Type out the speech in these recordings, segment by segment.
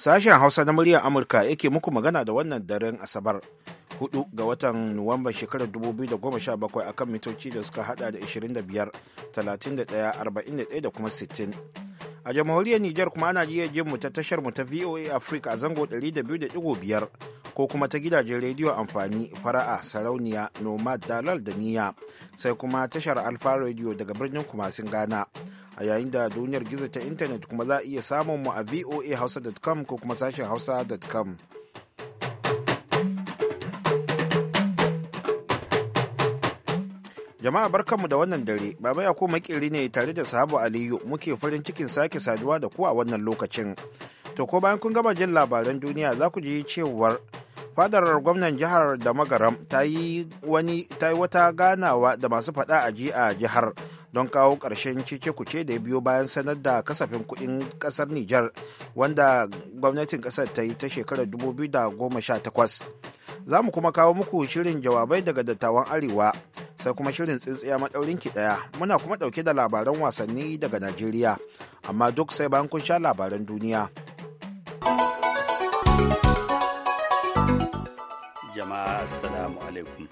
Sashen Hausa na muryar Amurka yake muku magana da wannan daren Asabar hudu ga watan Nuwamban shekarar 2017 akan mitoci da suka hada da 25, 31, 41 da kuma 60. A jamhuriyar Nijar kuma ana iya jin mu ta tashar mu ta VOA Africa a zango 200.5 ko kuma ta gidajen rediyo amfani fara'a sarauniya nomad dalal da niya sai kuma tashar alfa radio daga birnin kumasin ghana a yayin da duniyar gizo ta intanet kuma za a iya samun mu a voa hausa.com ko kuma sashen hausa.com Jama'a barkanmu da wannan dare, Baba Yakubu makiri ne tare da Sahabu Aliyu muke farin cikin sake saduwa da ku a wannan lokacin. To ko bayan kun gama jin labaran duniya za ku ji cewar fadar gwamnan jihar da magaram ta yi wata ganawa da masu fada a ji a jihar don kawo ƙarshen cece-kuce da biyo bayan sanar da kasafin kuɗin ƙasar Nijar wanda gwamnatin ƙasar ta yi ta shekarar 2018. Za mu kuma kawo muku shirin jawabai daga dattawan Arewa sai kuma shirin tsintsiya maɗaurin ki ɗaya muna kuma ɗauke da labaran wasanni daga Najeriya amma duk sai bayan kun sha labaran duniya. jama'a assalamu alaikum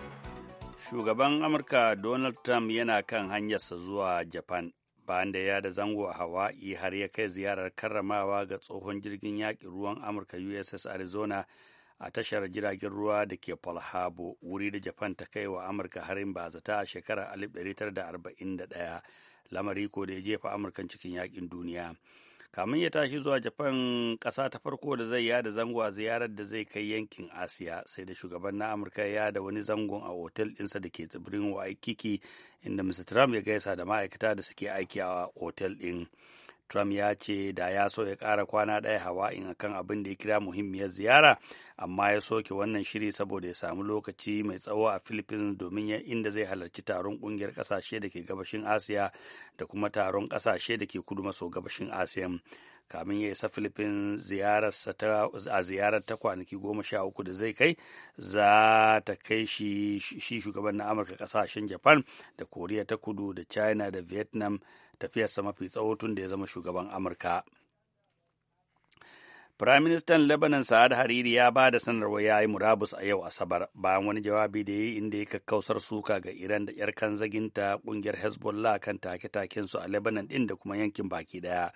shugaban amurka donald trump yana kan hanyarsa zuwa japan bayan da ya da zango a hawaii har ya kai ziyarar karramawa ga tsohon jirgin yaƙin ruwan amurka uss arizona a tashar jiragen ruwa da ke Pearl wuri da Japan ta kai wa Amurka harin bazata a shekarar 1941 lamari ko da ya jefa Amurkan cikin yaƙin duniya. kamin ya tashi zuwa japan ƙasa ta farko da zai yada zango a ziyarar da zai kai yankin asiya sai da shugaban na amurka ya da wani zangon a otel ɗinsa da ke tsibirin waikiki inda mr trump ya gaisa da ma'aikata da suke aiki a otel ɗin. Trump ya ce da ya so ya kara kwana ɗaya hawa'in akan abin da ya kira muhimmiyar ziyara, amma ya soke wannan shiri saboda ya samu lokaci mai tsawo a Philippines domin inda zai halarci taron kungiyar ƙasashe da ke gabashin Asiya da kuma taron kasashe da ke kudu maso gabashin Asiya. kamin ya isa Philippines a ziyarar ta kwanaki goma sha uku da zai kai za ta kai shi shugaban na Amurka kasashen Japan da Koriya ta kudu da China da Vietnam tafiyarsa mafi tsawo tun da ya zama shugaban amurka Firaministan Lebanon Sa'ad Hariri ya ba da sanarwar ya yi murabus a yau Asabar bayan wani jawabi da ya yi inda ya kakkausar suka ga Iran da ‘yar zaginta kungiyar Hezbollah kan take-taken su a Lebanon ɗin da kuma yankin baki daya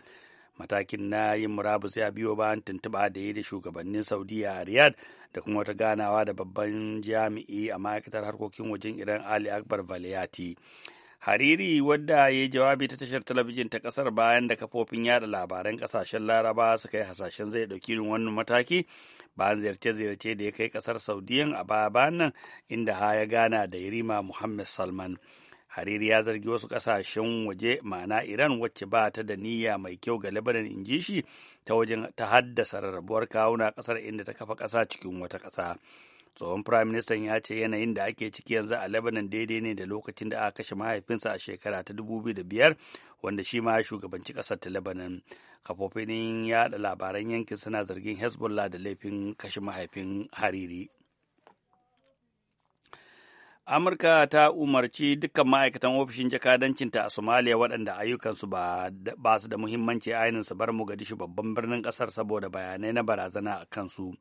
Matakin na yin murabus ya biyo bayan tuntuɓa da ya da shugabannin Saudiya a Riyadh da kuma wata ganawa da babban jami'i a ma'aikatar harkokin wajen Iran Ali Akbar valiati Hariri wadda ya yi jawabi ta tashar talabijin ta kasar bayan da kafofin yada labaran kasashen Laraba suka yi hasashen zai dauki irin wannan mataki bayan ziyarce-ziyarce da ya kai kasar Saudiyan a baya nan inda ha ya gana da Yarima Muhammad Salman. Hariri ya zargi wasu kasashen waje ma'ana Iran wacce ba ta da niyya mai kyau ga Lebanon in ji shi ta wajen ta haddasa rarrabuwar kawuna kasar inda ta kafa ƙasa cikin wata ƙasa. tsohon firaministan ya ce yanayin da ake ciki yanzu a lebanon daidai ne da lokacin da aka kashe mahaifinsa a shekara ta 2005 wanda shi ma shugabanci kasar ta lebanon kafofin yaɗa labaran yankin suna zargin hezbollah da laifin kashe mahaifin hariri amurka ta umarci dukkan ma'aikatan ofishin jakadancinta a somalia waɗanda ayyukansu ba su da muhimmanci ainihin su bar mogadishu babban birnin ƙasar saboda bayanai na barazana a kansu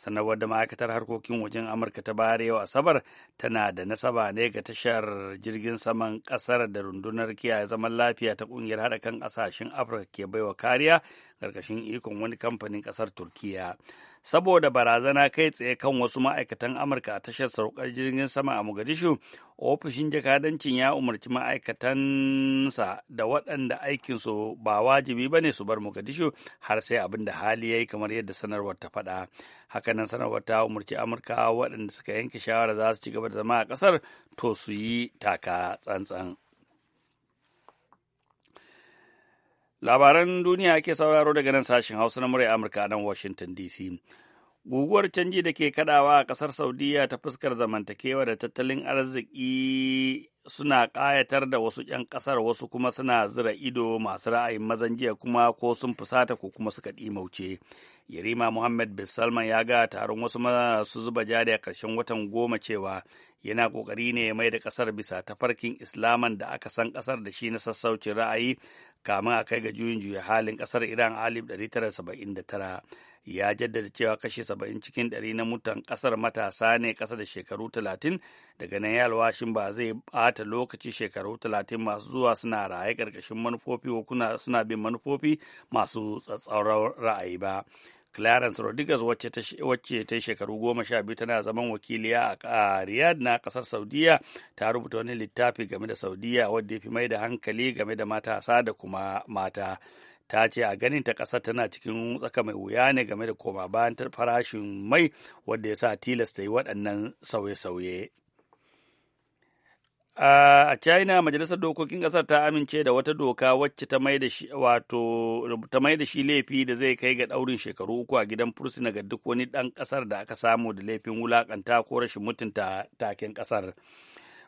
sannan wadda ma'aikatar harkokin wajen amurka ta bayar yau asabar tana da nasaba ne ga tashar jirgin saman kasar da rundunar kiyaye zaman lafiya ta kungiyar hada kan ƙasashen afirka ke baiwa kariya ƙarƙashin ikon wani kamfanin ƙasar turkiya saboda barazana kai tsaye kan wasu ma'aikatan amurka a tashar saukar jirgin sama a mogadishu ofishin jakadancin ya umarci ma'aikatansa da waɗanda aikinsu ba wajibi ba ne su bar mogadishu har sai abin da hali ya yi kamar yadda sanarwar ta faɗa hakanan sanarwar ta umarci amurka waɗanda suka yanke shawara za su ci gaba da zama a ƙasar to su yi taka tsantsan. Labaran duniya ake sauraro daga nan sashen Hausa na murya Amurka nan Washington DC. Guguwar canji da ke kadawa a ƙasar Saudiya ta fuskar zamantakewa da tattalin arziki suna ƙayatar da wasu 'yan ƙasar wasu kuma suna zira ido masu ra'ayin mazan jiya kuma ko sun fusata ko kuma suka ɗimauce. Yarima Muhammad bin Salman ya ga taron wasu masu zuba jari a ƙarshen watan goma cewa yana ƙoƙari ne ya mai da ƙasar bisa tafarkin islaman da aka san ƙasar da shi na sassaucin ra'ayi kamin a kai ga juyin juya halin kasar iran alif 1979 ya jaddada cewa kashe 70 cikin 100 na mutan kasar matasa ne kasa da shekaru 30 daga nan ya yalwashin ba zai bata lokaci shekaru 30 masu zuwa suna raye karkashin manufofi ko suna bin manufofi masu tsatsauran ra'ayi ba clarence rodriguez wacce ta yi shekaru goma sha biyu tana zaman wakiliya a riyadh na kasar saudiya ta rubuta wani littafi game da saudiya wadda ya fi mai da hankali game da matasa da kuma mata ta ce a ganin ta ƙasar tana cikin tsaka mai wuya ne game da koma bayan farashin mai wadda ya sa tilasta yi waɗannan sauye-sauye. a China majalisar dokokin ƙasar ta amince da wata doka wacce ta mai da shi laifi da zai kai ga ɗaurin shekaru uku a gidan fursuna ga duk wani ɗan ƙasar da aka samu da laifin wulaƙanta ko rashin mutunta taken ƙasar.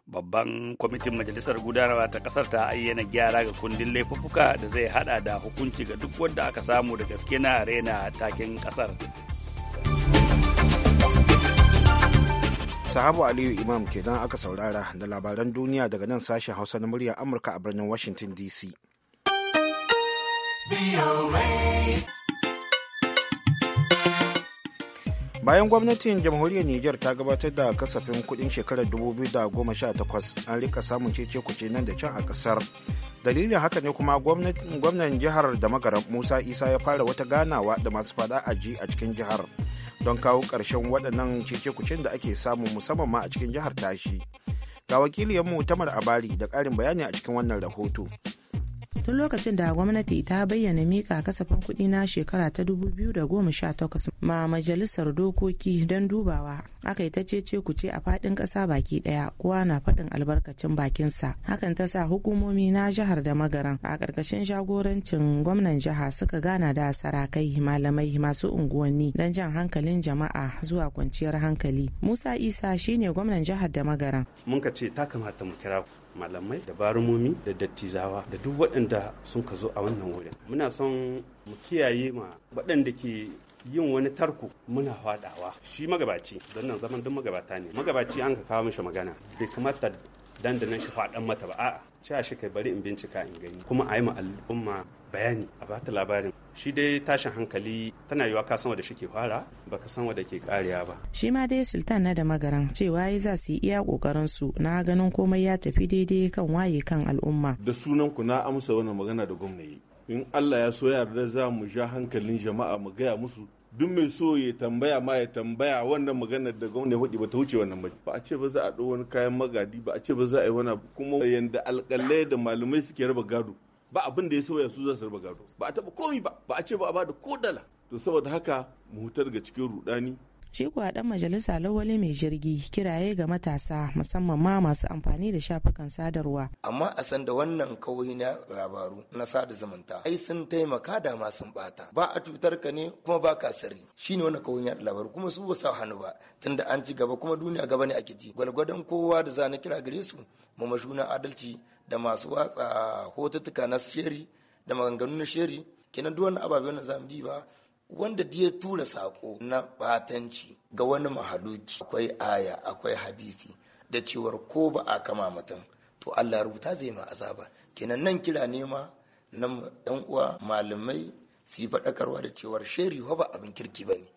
Babban kwamitin majalisar gudanarwa ta ƙasar ta ayyana gyara ga kundin laifuka da zai haɗa da hukunci ga duk wanda aka samu da gaske na rena taken ƙasar. sahabu aliyu imam kenan aka saurara da labaran duniya daga nan sashen hausa na murya amurka a birnin washington dc bayan gwamnatin jamhuriyar niger ta gabatar da kasafin kudin shekarar 2018 an rika samun cece kuce nan da can a kasar dalilin haka ne kuma gwamnan jihar da magaram musa isa ya fara wata ganawa da masu fada aji a cikin jihar don kawo ƙarshen waɗannan cece-kucen da ake samu musamman ma a cikin jihar tashi. Ga wakiliyanmu Tamar Abari da ƙarin bayani a cikin wannan rahoto. tun lokacin da gwamnati ta bayyana mika kasafin kuɗi na shekara ta 2018 ma majalisar dokoki don dubawa aka yi ta cece ce a faɗin ƙasa baki ɗaya kowa na faɗin albarkacin bakinsa hakan ta sa hukumomi na jihar da magaran a ƙarƙashin jagorancin gwamnan jiha suka gana da sarakai malamai masu unguwanni don jan hankalin jama'a zuwa kwanciyar hankali musa isa shine gwamnan jihar da magaran mun ka ce ta kamata mu kira malamai da barumomi da dattizawa da duk waɗanda sun ka zo a wannan wurin muna son mu kiyaye ma waɗanda ke yin wani tarko muna faɗawa shi magabaci don nan zaman duk magabata ne magabaci an ka kawo mishi magana bai kamata dandanan shi faɗan mata ba a'a cewa shi kai bari in bincika in gani kuma a yi ma al'umma bayani a bata labarin shi dai tashin hankali tana yiwa ka san wanda shi ke fara ka san wanda ke kariya ba shi ma dai sultan na da magaran cewa ya za su yi iya kokarin su na ganin komai ya tafi daidai kan waye kan al'umma da sunan ku na amsa wannan magana da gwamnati in Allah ya so yarda za mu ja hankalin jama'a mu gaya musu duk mai so ya tambaya ma ya tambaya wannan magana da gwamnati faɗi ba ta wuce wannan ba ba a ce ba za a ɗau wani kayan magadi ba a ce ba za a yi wani kuma yanda alƙalai da malamai suke raba gado ba abin da ya sauya su za su gado ba a taba komi ba ba a ce ba a bada ko dala to saboda haka mu hutar ga cikin rudani shi dan majalisa lawali mai jirgi kiraye ga matasa musamman ma masu amfani da shafukan sadarwa amma a san da wannan kawai na labaru na sada zumunta ai sun taimaka da ma sun bata ba a cutar ka ne kuma ba ka sirri shine wannan kawai na labaru kuma su ba sa hannu ba tunda an ci gaba kuma duniya gaba ne ake ji gwalgwadon kowa da zana kira gare su mu mashuna adalci da masu watsa hotuttuka na sheri da maganganu na sheri kenan duk wani ababe wannan zamu ba. wanda ya tura sako na batanci ga wani mahaluki akwai aya akwai hadisi da cewar ko ba a kama mutum to Allah rubuta zai ma azaba kenan nan kira ne ma na ɗan uwa malamai su yi faɗakarwa da cewar sheri ba abin kirki ba ne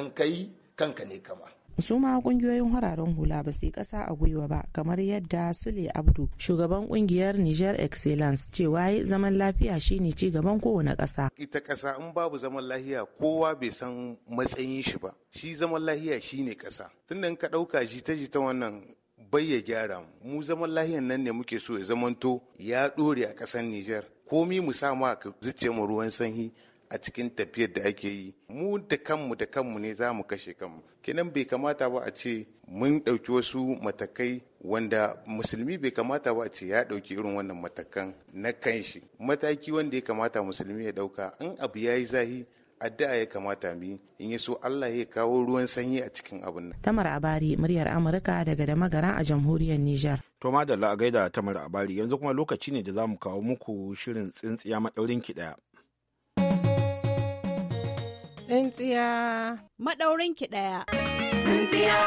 in kai kanka ne kama su ma kungiyoyin hararen hula ba su yi kasa a gwiwa ba kamar yadda sule abdu shugaban kungiyar niger excellence cewa zaman lafiya shine ci gaban kowane kasa ita kasa in babu zaman lafiya kowa bai san matsayin shi ba shi zaman lafiya shine kasa tunda in ka dauka jita-jita wannan bai ya gyara mu zaman lahiyan nan ne muke so ya zamanto ya dore a kasar niger komi mu sa ma ka zuciya mu ruwan sanyi a cikin tafiyar da ake yi mu da kanmu da kanmu ne za mu kashe kanmu kenan bai kamata ba a ce mun ɗauki wasu matakai wanda musulmi bai kamata ba a ce ya ɗauki irin wannan matakan na kanshi mataki wanda ya kamata musulmi ya ɗauka in abu ya yi zahi addu'a ya kamata mi in ya so Allah ya kawo ruwan sanyi a cikin abin nan. Tamar Abari muryar Amurka daga da magara a jamhuriyar Nijar. To madalla a gaida Tamar Abari yanzu kuma lokaci ne da za mu kawo muku shirin tsintsiya maɗaurin ki ɗaya. Tsintsiya. Maɗaurin ki ɗaya. Tsintsiya,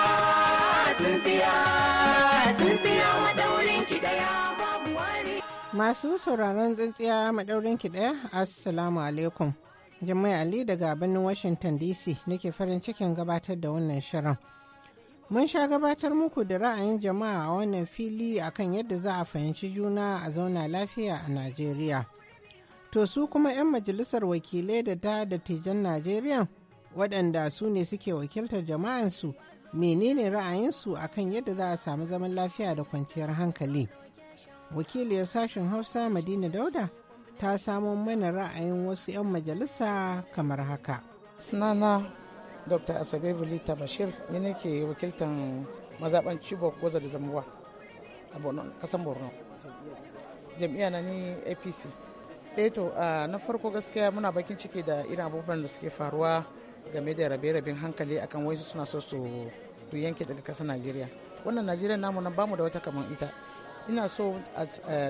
tsintsiya, tsintsiya maɗaurin ki ɗaya babu wari. Masu sauraron tsintsiya maɗaurin ki ɗaya, Assalamu alaikum. Jami'ai Ali daga birnin Washington DC nake farin cikin gabatar da wannan shirin. Mun sha gabatar muku da ra'ayin jama'a a wannan fili akan yadda za a fahimci juna a zauna lafiya a Najeriya. to su kuma 'yan majalisar wakilai da ta dattijan najeriya waɗanda su ne suke wakiltar jama'ansu menene ra'ayinsu a kan yadda za a samu zaman lafiya da kwanciyar hankali wakiliyar sashen hausa madina dauda ta samo mana ra'ayin wasu 'yan majalisa kamar haka sunana dr asabe bulita bashir ni nake wakiltan mazaɓan chibok gwaza da damuwa a ƙasar borno jam'iyya na ni apc Eto eh to na farko gaskiya muna bakin ciki da irin abubuwan da suke faruwa game da rabe-raben hankali akan wasu suna so su yanke daga kasa najeriya wannan najeriya namu nan bamu da wata kamar ita ina so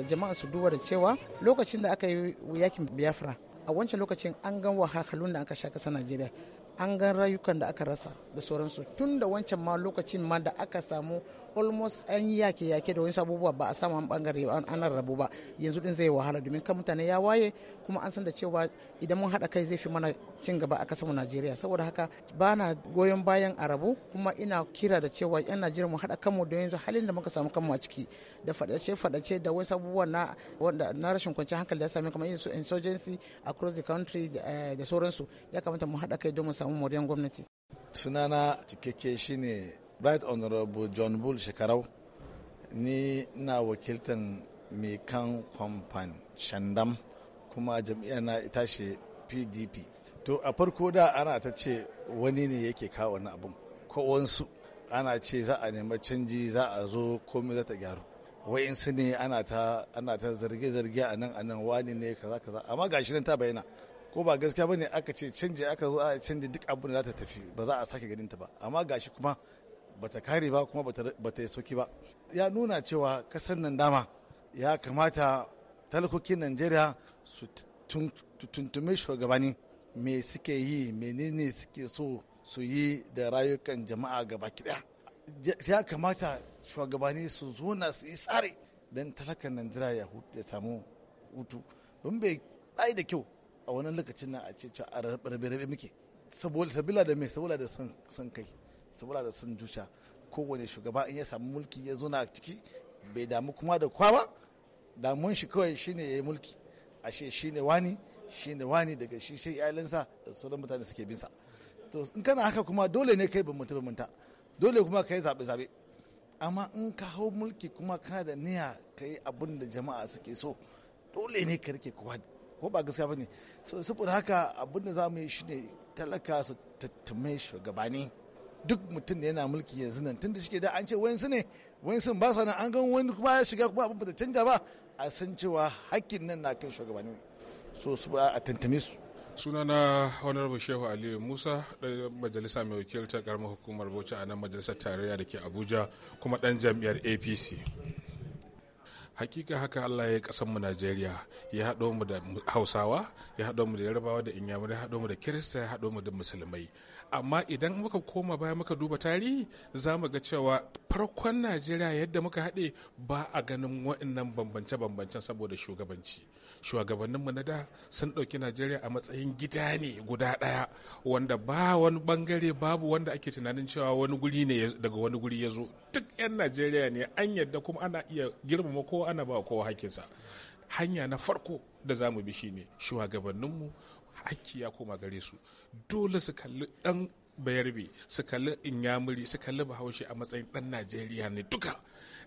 jama'a su duba da cewa lokacin da aka yi yakin biafra a wancan lokacin an gan wahalhalun da aka sha kasar najeriya an gan rayukan da aka rasa da sauransu tun da wancan ma lokacin ma da aka samu almost an yi yake yake da wani abubuwa ba a saman bangare an rabu ba yanzu din zai wahala domin kan mutane ya waye kuma an san da cewa idan mun haɗa kai zai fi mana cin gaba a kasar Najeriya saboda haka ba na goyon bayan a rabu kuma ina kira da cewa yan Najeriya mu haɗa kanmu don yanzu halin da muka samu kanmu a ciki da fadace fadace da wani abubuwa na wanda na rashin kwanciyar hankali da ya same kamar su insurgency across the country eh, da sauransu ya kamata mu hada kai don mu samu moriyar gwamnati sunana cikakke shine right honorable john bull shekarau ni na wakiltan mekan kwamfan shandam kuma jam'iyya na ita ce pdp to a farko da ana ta ce wani ne yake kawo wani abin ko wansu ana ce za a nema canji za a zo komai za ta gyaru wa'insu ne ana ta zarge-zarge a nan a nan wani ne kaza kaza amma gashi nan ta bayyana ko ba gaskiya ba ne aka ce canji aka zo a canji duk abin da za ta tafi ba za a sake ganin ta ba amma gashi kuma bata kare ba kuma bata yi sauki ba ya nuna cewa kasar nan dama ya kamata talakokin najeriya su tuntume shugabanni me suke yi menene suke so su yi da rayukan jama'a gaba kiɗaya ya kamata shugabanni su zo na su yi tsari don talakan najeriya ya samu hutu don bai bai da kyau a wani lokacin nan a ce a rarrabe rabe muke saboda da me saboda da san kai saboda da sun zuciya kowane shugaba in ya samu mulki ya zo na ciki bai damu kuma da kwa ba damun shi kawai shine ya yi mulki ashe shine wani shine wani daga shi sai iyalinsa da sauran mutane suke binsa to in kana haka kuma dole ne kai bambanta bambanta dole kuma kai zabe zabe amma in ka hau mulki kuma kana da niyya kai abin da jama'a suke so dole ne ka rike kowa ko ba gaskiya bane so saboda haka abin da zamu yi shine talaka su tattame shugabani duk mutum da yana mulki yanzu nan tun da shike da an ce wayansu ne wayansu ba sa nan an gan wani kuma ya shiga kuma abin ba canja ba a san cewa hakkin nan na kan shugabanni so su ba a tantame su Suna na honorable shehu aliyu musa ɗan majalisa mai wakiltar karamar hukumar bauchi a nan majalisar tarayya da ke abuja kuma ɗan jam'iyyar apc hakika haka Allah ya kasan mu Najeriya ya haɗo mu da Hausawa ya haɗo mu da Yarbawa da Inyamu ya haɗo mu da Kirista ya haɗo mu da Musulmai amma idan muka koma baya muka duba tarihi za mu ga cewa farkon Najeriya yadda muka haɗe ba a ganin waɗannan bambance-bambancen saboda shugabanci shugabanninmu na da sun ɗauki najeriya a matsayin gida ne guda ɗaya wanda ba wani bangare babu wanda ake tunanin cewa wani guri ne daga wani guri ya zo duk 'yan najeriya ne an yadda kuma ana iya girmama kowa ana ba kowa hakinsa hanya na farko da za mu bi shine shugabanninmu hakki ya koma gare su dole su kalli dan bayarbe su kalli inyamuri su kalli bahaushe a matsayin ɗan najeriya ne duka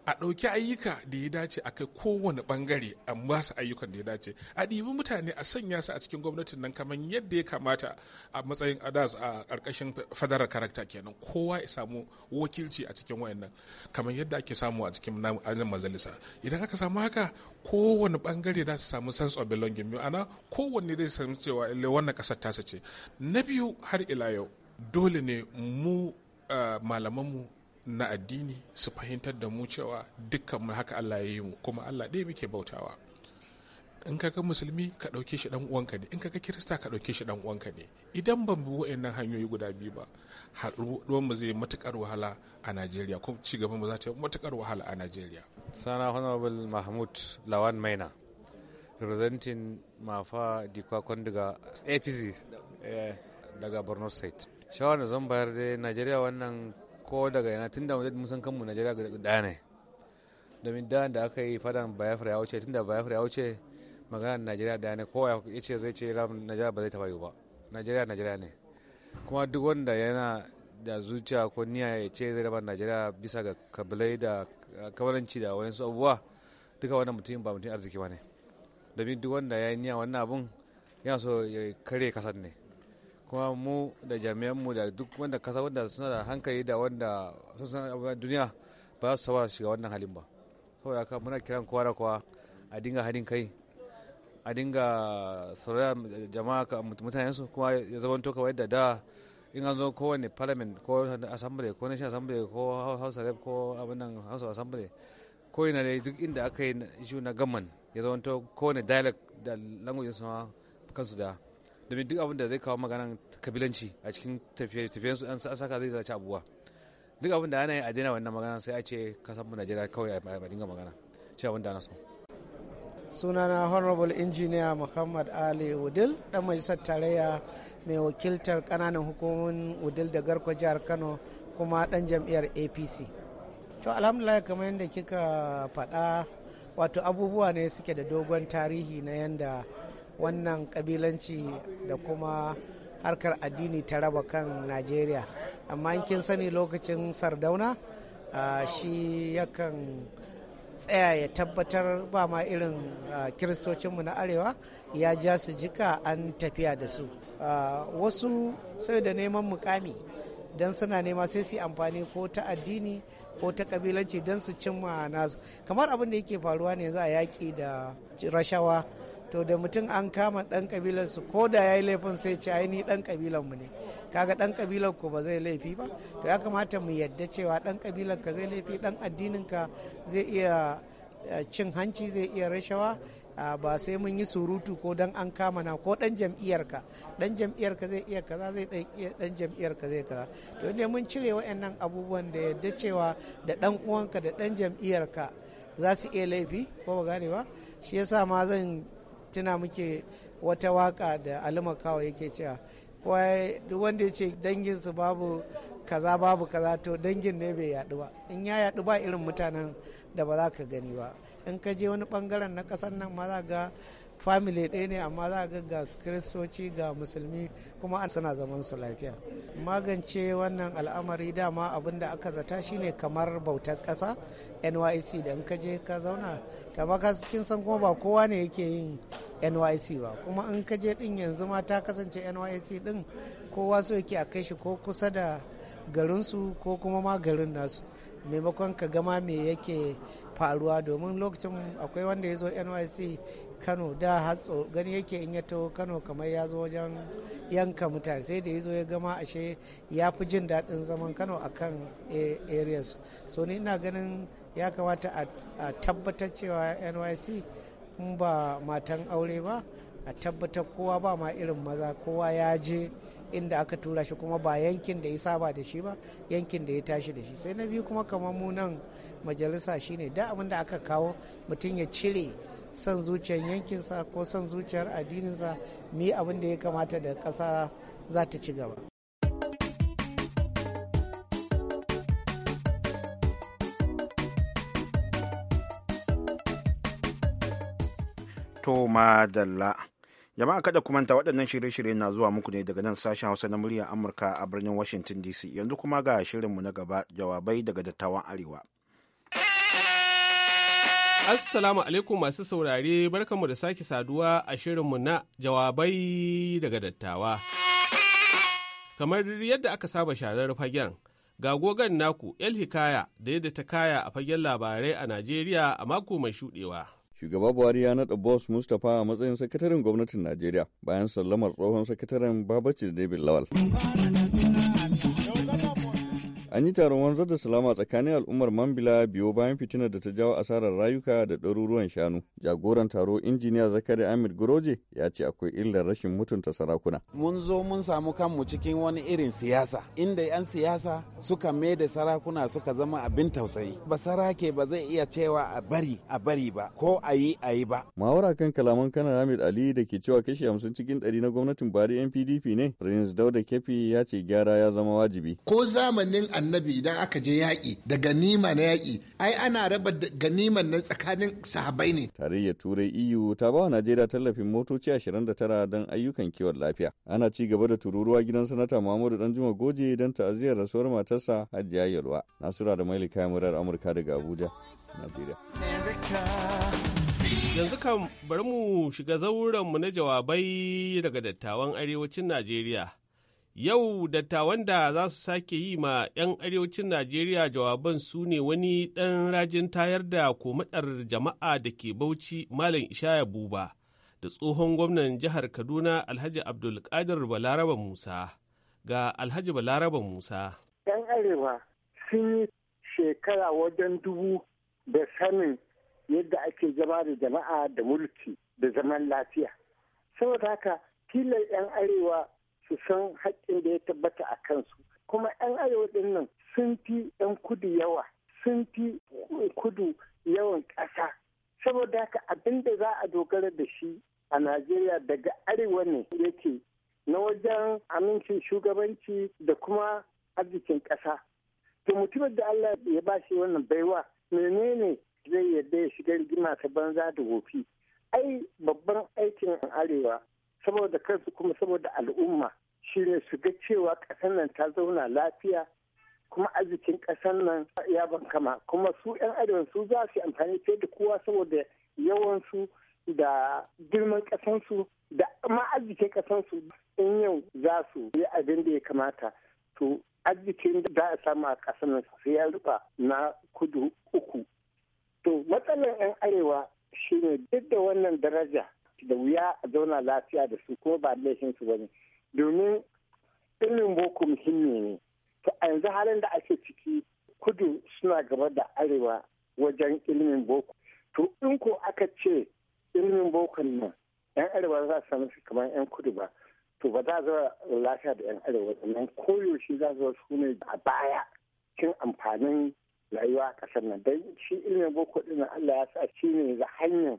a ɗauki ayyuka da ya dace a kai kowane ɓangare a masu ayyukan da ya dace a ɗibi mutane a sanya su a cikin gwamnatin nan kamar yadda ya kamata a matsayin adas a ƙarƙashin fadarar karakta kenan kowa ya samu wakilci a cikin wayannan kamar yadda ake samu a cikin ajin majalisa idan aka samu haka kowane ɓangare za su samu sense of belonging ma'ana kowanne zai samu cewa wannan ƙasar tasa ce na biyu har ila yau dole ne mu eh, malamanmu na addini su fahimtar da mu cewa dukkan mu haka Allah ya yi mu kuma Allah ɗaya muke bautawa in ka ga musulmi ka ɗauke shi ɗan uwanka ne in ka ga kirista ka ɗauke shi ɗan uwanka ne idan ban bi wa'annan hanyoyi guda biyu ba haɗuwar mu zai matuƙar wahala a Najeriya ko ci gaban mu za ta yi matuƙar wahala a Najeriya sana honorable mahmud lawan maina representing mafa dikwa kondiga apc eh, daga borno state shawar da zan bayar dai najeriya wannan ko daga yana tun da mun san kanmu najeriya guda ne domin da da aka yi fadan bayafra ya wuce tun da bayafra ya wuce maganar najeriya da ne kowa ya ce zai ce ram najeriya ba zai taba yi ba najeriya najeriya ne kuma duk wanda yana da zuciya ko niyya ya ce zai raba najeriya bisa ga kabilai da kabalanci da wayansu abubuwa duka wannan mutum ba mutum arziki ba ne domin duk wanda ya yi niyya wannan abun yana so ya kare kasar ne kuma mu da jami'anmu da duk wanda kasa wanda suna da hankali da wanda sun san duniya ba za su saba shiga wannan halin ba saboda haka muna kiran kowa da kowa a dinga hadin kai a dinga saurara jama'a su kuma ya zama to kawai da da in an zo kowane parliament ko assembly ko nation assembly ko house rep ko abin nan house assembly ko ina ne duk inda aka yi ishu na gaman ya zama to kowane dialect da language sun kansu da domin duk abin da zai kawo maganan kabilanci a cikin tafiye su an saka zai zaci abubuwa duk abin da ana yi a daina wannan magana sai a ce ka san mu Najeriya kawai a dinga magana shi abin da ana so sunana honorable engineer muhammad ali wudil dan majalisar tarayya mai wakiltar kananan hukumomin udil da garko jihar kano kuma dan jam'iyyar apc to alhamdulillah kamar yadda kika faɗa wato abubuwa ne suke da dogon tarihi na yanda. wannan kabilanci da kuma harkar addini ta raba kan najeriya amma in kin sani lokacin sardauna shi yakan tsaya ya tabbatar ba ma irin kiristocinmu na arewa ya ja su jika an tafiya da su wasu sai da neman mukami don suna nema sai su amfani ko ta addini ko ta kabilanci don su cimma nasu kamar abin da yake faruwa ne za a yaƙi da rashawa to da mutum an kama ɗan ƙabilarsu ko da ya yi laifin sai ce ai ni ɗan ƙabilarmu ne kaga ɗan kabilar ko ba zai laifi ba to ya kamata mu yadda cewa ɗan kabilar ka zai laifi ɗan addinin zai iya eh, cin hanci zai iya rashawa ah, ba sai mun yi surutu ko dan an kama na ko dan jam'iyyarka dan jam'iyyarka zai iya kaza zai dan iya dan jam'iyyarka zai kaza to ne mun cire wayannan abubuwan da yadda cewa da dan uwanka da dan jam'iyyarka za su iya laifi ko ba gane ba shi yasa ma zan tuna muke wata waka da alimakawa yake cewa wai duk wanda ya ce danginsu babu kaza babu kaza to dangin ne bai yaɗu ba in ya yaɗu ba irin mutanen da ba za ka gani ba in ka je wani bangaren na kasar nan ma za ga family ɗaya ne amma za ga ga kiristoci ga musulmi kuma an suna zaman su lafiya magance wannan al'amari dama abin da aka zata shine kamar bautar ƙasa nyc da in ka je ka zauna ta maka cikin san kuma ba kowa ne yake yin nyc ba kuma in ka je din yanzu ma ta kasance nyc ɗin kowa so yake a kai shi ko kusa da garinsu ko kuma ma garin nasu maimakon ka gama me yake faruwa domin lokacin akwai wanda ya zo nyc kano da hatso gani yake in ya taho kano kamar ya zo wajen yanka mutane sai da ya zo ya gama ashe ya fi jin daɗin zaman kano a kan areas so ni ina ganin ya kamata a tabbatar cewa nyc in ba matan aure ba a tabbatar kowa ba ma irin maza kowa ya je inda aka tura shi kuma ba yankin da ya saba da shi ba yankin da ya tashi da shi sai na biyu kuma kamar mu nan majalisa shine da abin da aka kawo mutum ya cire son zuciyar yankinsa ko son zuciyar addininsa mi abin da ya kamata da ƙasa za ta ci gaba. To madalla. Jama'a kada ku manta waɗannan shirye-shirye na zuwa muku ne daga nan sashen Hausa na muryar Amurka a birnin Washington DC. Yanzu kuma ga shirinmu na gaba jawabai daga dattawan Arewa. Assalamu alaikum masu saurare barkanmu da sake saduwa a shirinmu na jawabai daga dattawa. Kamar yadda aka saba sharar fagen, ga gogan naku El Hikaya da yadda ta kaya a fagen labarai a Najeriya a mako mai shuɗewa. shugaba buhari ya naɗa boss mustapha a matsayin sakataren gwamnatin najeriya bayan sallamar tsohon sakataren babaci david lawal An yi taron wanzar da salama tsakanin al'ummar Mambila biyo bayan fitinar da ta jawo asarar rayuka da ɗaruruwan shanu. Jagoran taro injiniya Zakari Amir Goroje ya ce akwai illar rashin mutunta sarakuna. Mun zo mun samu kanmu cikin wani irin siyasa inda 'yan siyasa suka mai da sarakuna suka zama abin tausayi. Ba sarake ba zai iya cewa a bari a bari ba ko a yi a yi ba. Mawara kan kalaman kanar amir Ali da ke cewa kashi hamsin cikin ɗari na gwamnatin bari NPDP ne. Prince Dauda Kefi ya ce gyara ya zama wajibi. Ko zamanin annabi idan aka je yaƙi da ganima na yaƙi ai ana raba ganima na tsakanin sahabai ne tarayyar turai eu ta ba wa najeriya tallafin motoci 29 don ayyukan kiwon lafiya ana ci gaba da tururuwa gidan sanata muhammadu danjuma goje don ta'aziyar rasuwar matarsa hajiya yalwa nasura da Maili murar amurka daga abuja najeriya Yanzu kan bari mu shiga zauren mu na jawabai daga dattawan arewacin Najeriya. Yau dattawan da za su sake yi ma 'yan arewacin Najeriya jawaban su ne wani ɗan rajin tayar da komaɗar jama'a da ke Bauchi Malam Ishaya Buba da tsohon gwamnan jihar Kaduna Alhaji Abdulkadir Balaraba Musa ga Alhaji Balaraba Musa. 'Yan arewa sun yi shekara wajen dubu da sanin yadda ake zama da jama'a da mulki da zaman lafiya. Saboda haka, kila 'yan arewa su san haƙƙin da ya tabbata a kansu kuma 'yan arewa ɗin nan sun fi 'yan kudu yawa sun fi kudu yawan ƙasa saboda haka abin da za a dogara da shi a najeriya daga arewa ne yake na wajen amincin shugabanci da kuma arzikin ƙasa to mutumin da allah ya ba shi wannan baiwa menene zai yarda ya shiga rigima ta banza da wofi ai babban aikin arewa saboda kansu kuma saboda al'umma shine su ga cewa ƙasar nan ta zauna lafiya kuma arzikin ƙasar nan ya bankama kuma su 'yan arewa su za su amfani fiye da kowa saboda yawansu da girman ƙasansu da ma arzikin ƙasansu in yau za su yi abin da ya kamata to arzikin da za a samu a ƙasar nan su ya rufa na kudu uku to matsalar 'yan arewa shine duk da wannan daraja da wuya a zauna lafiya da su kuma ba laifin su bane domin ilimin boko muhimmi ne to a yanzu halin da ake ciki kudu suna gaba da arewa wajen ilimin boko to in ko aka ce ilimin boko nan yan arewa za su samu kamar yan kudu ba to ba za zuwa lafiya da yan arewa sannan koyaushe za su su ne a baya cin amfanin rayuwa a kasar nan don shi ilimin boko ɗin Allah ya sa shi ne hanyar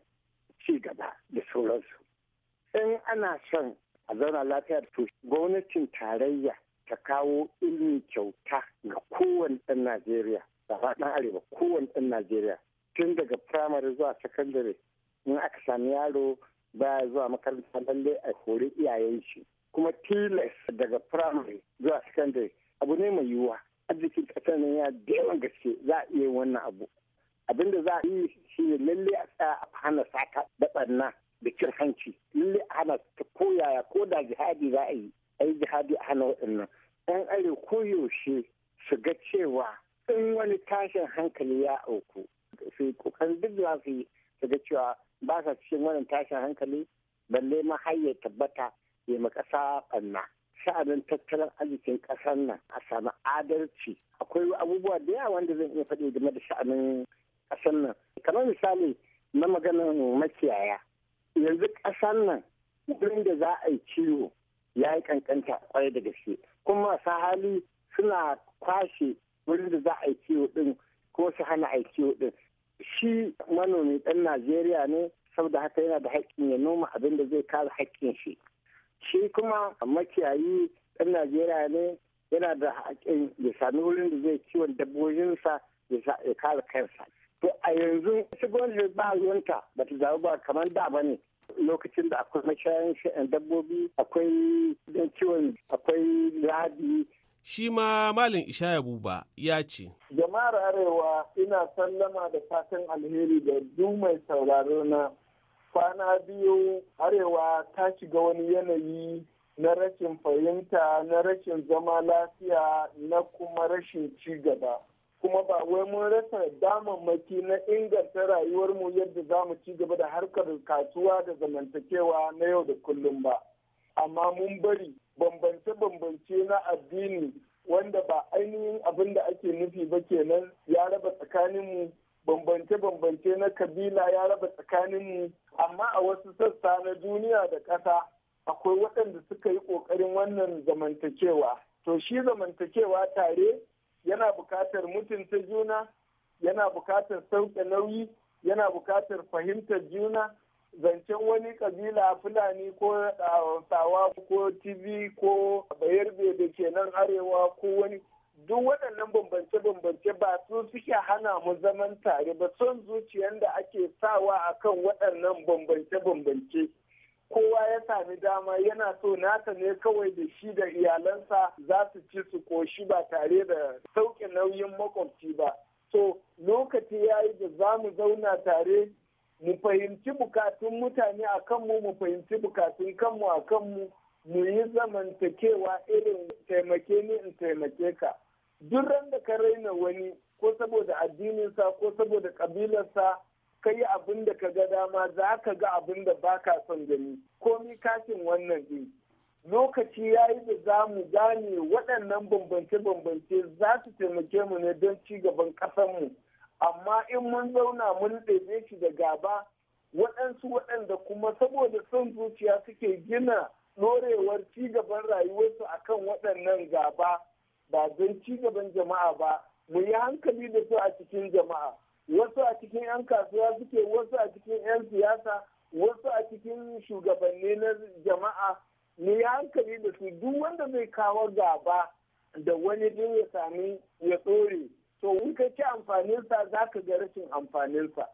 ana son a zauna lafiyar to gwamnatin tarayya ta kawo ilimin kyauta ga kowane ɗan Najeriya da faɗin arewa kowane ɗan Najeriya tun daga firamare zuwa sakandare in aka sami yaro baya zuwa makaranta lalle a kori iyayen shi kuma tilas daga firamare zuwa sakandare abu ne mai yiwuwa arzikin ƙasar nan ya da gaske za a iya wannan abu abinda za a yi shi ne lalle a tsaya a hana sata da ɓanna da cin hanci lalle ana ta koyaya ko da jihadi za a yi ai jihadi a hana waɗannan ɗan are koyaushe su ga cewa in wani tashin hankali ya auku su yi kokarin duk da su yi su ga cewa ba sa cikin wani tashin hankali balle ma har ya tabbata ya ma ƙasa ɓanna sha'anin tattalin arzikin ƙasar nan a sami adalci akwai abubuwa da yawa wanda zan iya faɗi game da sha'anin ƙasar nan kamar misali na maganin makiyaya yanzu ƙasar nan wurin da za a yi ciwo ya yi kankanta kwarai da gaske kuma sa hali suna kwashe wurin da za a yi kiwo din ko su hana a yi ciwo din shi manomi ɗan najeriya ne saboda haka yana da haƙƙin ya noma abin da zai kare haƙƙin shi shi kuma makiyayi ɗan najeriya ne yana da haƙƙin ya sami wurin da zai kiwon dabbobinsa ya kare kansa to a yanzu shi gwamnati ba ruwanta ba ta zaɓi ba kamar da ba ne lokacin da akwai mashayan sha'an dabbobi akwai don ciwon akwai labi shi ma Malam Ishaya Buba ya ce. Jama'ar Arewa ina sallama da fatan alheri da duk mai sauraro na kwana biyu Arewa ta shiga wani yanayi na rashin fahimta na rashin zama lafiya na kuma rashin ci gaba. kuma ba wai mun rasa damammaki na inganta rayuwarmu yadda za mu ci gaba da harkar kasuwa da zamantakewa na yau da kullum ba amma mun bari bambance-bambance na addini wanda ba ainihin abin da ake nufi ba kenan ya raba tsakaninmu bambance-bambance na kabila ya raba tsakaninmu amma a wasu sassa na duniya da ƙasa akwai waɗanda suka yi ƙoƙarin wannan zamantakewa to shi zamantakewa tare yana bukatar mutunta juna yana bukatar sauke nauyi yana bukatar fahimtar juna zancen wani kabila fulani ko tsawa ko tv ko bayarbe da ke nan arewa ko wani duk waɗannan bambance-bambance ba su suke hana mu zaman tare ba son zuciyar da ake sawa akan waɗannan bambance-bambance kowa ya sami dama yana so nasa ne kawai da shi da iyalansa za su ci su koshi ba tare da sauke nauyin makwabci ba so lokaci ya yi da za mu zauna tare mu fahimci bukatun mutane a kanmu mu fahimci bukatun kanmu a kanmu mu yi zamantakewa irin taimake ni in taimake ka duk ka raina wani ko saboda addininsa ko saboda kabilarsa ka yi abin da ka ga dama za ka ga abin da ba ka son gani komi kashin wannan din lokaci ya yi da za mu gane waɗannan bambance-bambance za su taimake mu ne don ci gaban ƙasanmu amma in mun zauna mun ɗaiɗe shi da gaba waɗansu waɗanda kuma saboda son zuciya suke gina ɗorewar ci gaban rayuwarsu akan waɗannan gaba ba don ci gaban jama'a ba mu yi hankali da su a cikin jama'a wasu a cikin 'yan kasuwa suke wasu a cikin 'yan siyasa wasu a cikin shugabanni na jama'a ne ya hankali da su duk wanda zai kawo gaba da wani din ya sami ya tsore to in ka ci amfaninsa za ka ga rashin amfaninsa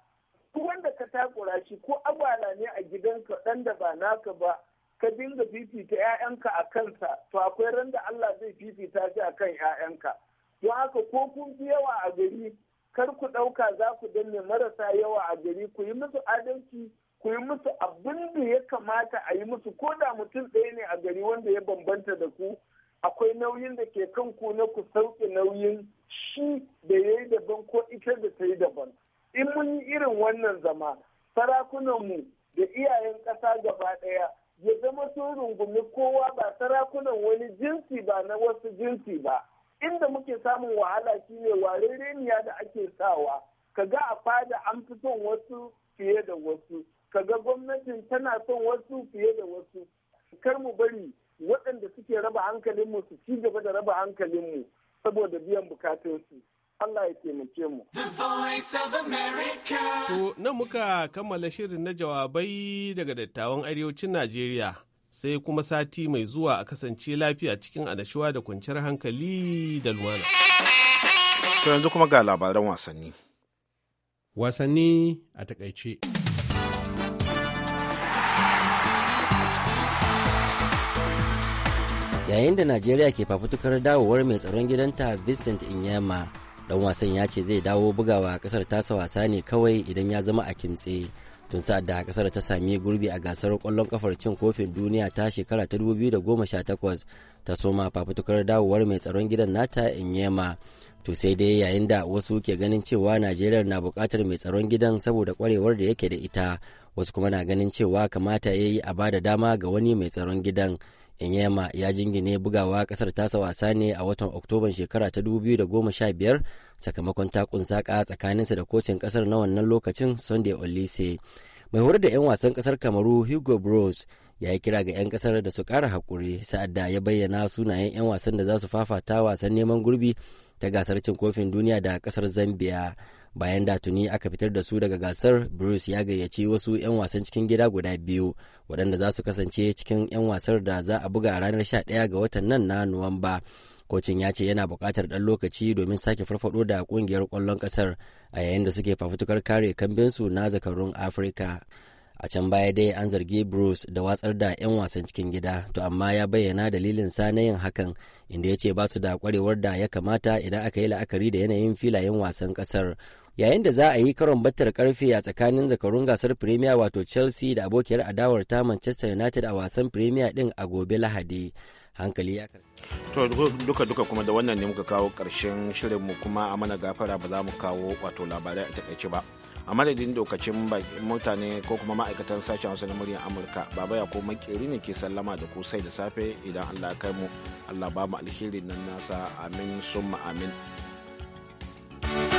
duk wanda ka takura shi ko abala ne a gidanka ɗan da ba naka ba ka dinga fifita 'ya'yanka a kansa to akwai randa Allah zai fifita shi a kan 'ya'yanka don haka ko kun fi yawa a gari kar ku ɗauka za ku danne marasa yawa a gari ku yi musu adalci ku yi musu abin da ya kamata a yi musu ko da mutum ɗaya ne a gari wanda ya bambanta da ku akwai nauyin da ke kan ku na ku sauke nauyin shi da ya yi daban ko ita da ta yi daban in mun yi irin wannan zama sarakunanmu da iyayen ƙasa gaba ɗaya ya zama sun rungumi kowa ba sarakunan wani jinsi ba na wasu jinsi ba inda muke samun wahala shine warereniya da ake sawa kaga a fada an fi son wasu fiye da wasu kaga gwamnatin tana son wasu fiye da wasu kar mu bari waɗanda suke raba hankalinmu su ci gaba da raba hankalinmu saboda biyan bukatunsu Allah ya taimake mu. To nan muka kammala shirin na jawabai daga dattawan arewacin Najeriya. sai kuma sati mai zuwa a kasance lafiya cikin adashuwa da kwanciyar hankali da lumana. To yanzu kuma ga labaran wasanni. Wasanni a takaice. Yayin da Najeriya ke fafutukar dawowar mai tsaron gidanta Vincent Inyama, dan wasan ya ce zai dawo bugawa kasar tasa wasa ne kawai idan ya zama a kintse. tun sa da kasar ta sami gurbi a gasar kwallon kafar cin kofin duniya ta shekara ta 2018 ta soma fafutukar dawowar mai tsaron gidan nata inyema to sai dai yayin da wasu ke ganin cewa najeriya na bukatar mai tsaron gidan saboda kwarewar da yake da ita wasu kuma na ganin cewa kamata ya yi a bada dama ga wani mai tsaron gidan Inyema ya jingine bugawa kasar tasa wasa ne a watan Oktoban shekara ta 2015 sakamakon takun saka tsakaninsa da kocin kasar na wannan lokacin Sunday Olise. Mai horar da 'yan wasan kasar Kamaru Hugo Bros ya yi kira ga 'yan kasar da su kara haƙuri sa'adda ya bayyana sunayen 'yan wasan da za su fafata wasan neman gurbi ta gasar cin kofin duniya da kasar Zambia. bayan da tuni aka fitar da su daga gasar bruce ya gayyaci wasu 'yan wasan cikin gida guda biyu waɗanda za su kasance cikin 'yan wasar da za a buga a ranar 11 ga watan nan na nuwamba kocin ya ce yana bukatar ɗan lokaci domin sake farfaɗo da ƙungiyar ƙwallon ƙasar a yayin da suke fafutukar kare kambinsu na zakarun afirka a can baya dai an zargi bruce da watsar da 'yan wasan cikin gida to amma ya bayyana dalilin sa na yin hakan inda ya ce ba su da kwarewar da ya kamata idan aka yi la'akari da yanayin filayen wasan kasar yayin da za a yi karon battar karfe a tsakanin zakarun gasar premier wato chelsea da abokiyar adawar ta manchester united a wasan premier din a gobe lahadi hankali ya to duka duka kuma da wannan ne muka kawo karshen mu kuma a mana gafara ba za mu kawo wato labarai a takaice ba a madadin dokacin mutane ko kuma ma'aikatan sashen hausa na muryar amurka baba baya ko makeri ne ke sallama da kusai da safe idan allah kai mu allah ba mu alheri nan nasa amin summa amin